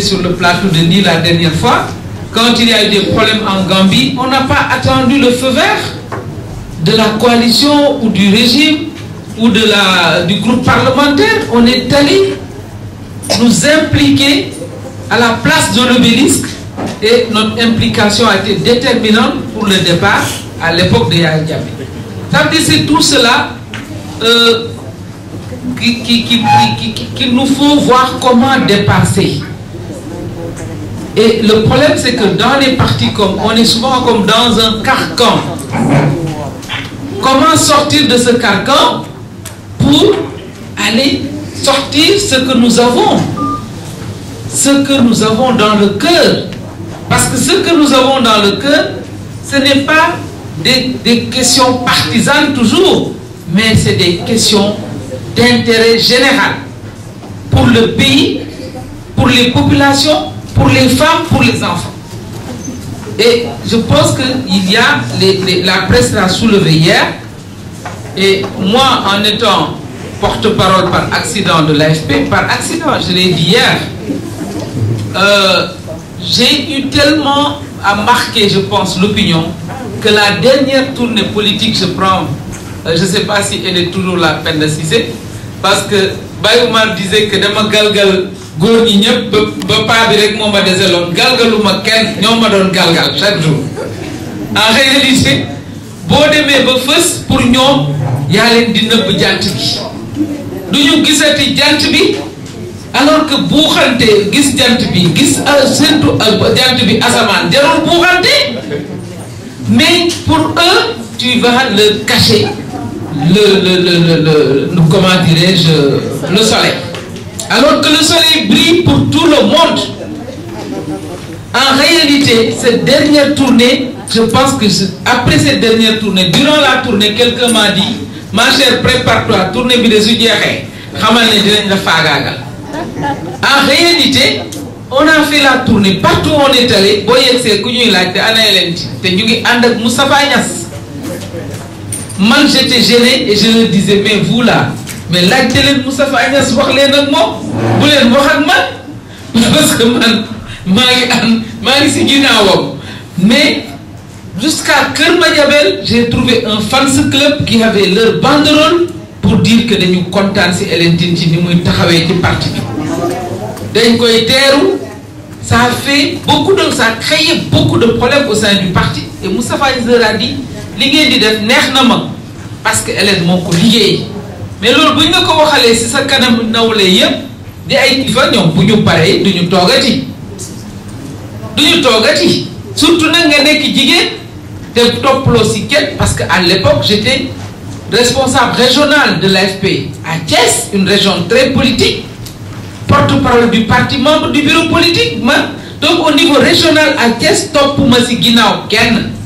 sur le plateau de Nîmes la dernière fois, quand il y a eu des problèmes en Gambie, on n'a pas attendu le feu vert de la coalition ou du régime ou de la, du groupe parlementaire. On est allé nous impliquer à la place de l'obélisque et notre implication a été déterminante pour le départ à l'époque de Yahya Diaby. c'est tout cela euh, qu'il nous faut voir comment dépasser. Et le problème, c'est que dans les partis comme, on est souvent comme dans un carcan. Comment sortir de ce carcan pour aller sortir ce que nous avons Ce que nous avons dans le cœur. Parce que ce que nous avons dans le cœur, ce n'est pas des, des questions partisanes toujours, mais c'est des questions d'intérêt général pour le pays, pour les populations pour les femmes, pour les enfants. Et je pense qu'il y a, la presse l'a soulevé hier, et moi en étant porte-parole par accident de l'AFP, par accident, je l'ai dit hier, euh, j'ai eu tellement à marquer, je pense, l'opinion, que la dernière tournée politique, je prends, euh, je ne sais pas si elle est toujours la peine de d'assister, parce que Baye Umar disait que dama galgal góor ñi ñëpp ba ba paa bi rek moo ma deseloon galgaluma kenn ñoo ma doon galgal chaque jour en réalité boo demee ba fës pour ñoom yaa leen di nëbb jant bi du ñu gisati jant bi alors que buuxante gis jant bi gis surtout jant bi asamaan jarul buuxante mais pour eux tu vas le cacher le, le, le, le comment dirais-je, le soleil. Alors que le soleil brille pour tout le monde. En réalité, cette dernière tournée, je pense que après cette dernière tournée, durant la tournée, quelqu'un m'a dit, ma chère, prépare-toi, tournée En réalité, on a fait la tournée, partout où on est allé, Boyek c'est man j'étais gêné et je le disais mais vous là mais là télé Moustapha Agnès wax voulez ak moom bu voulez wax ak man parce que man je suis an mais jusqu'à Kermadiabel, j'ai trouvé un fans club qui avait leur banderole pour dire que nous contents si est est ci ni muy taxawee ci parti ça fait beaucoup de ça a créé beaucoup de problèmes au sein du parti et Moussa Agnès a dit li ngeen di def neex na ma parce que élève moo ko liggéey mais loolu buñ nga ko waxalee si sa kanam nawle yépp di ay kifa ñoom bu ñu paree duñu toogati duñu toogati surtout nag nga nekk jigéen te top si kenn parce que à l'époque j'étais responsable régional de l'AFP à Thiès une région très politique porte-parole du parti membre du bureau politique donc au niveau régional à Thiès topp ma si ginnaaw kenn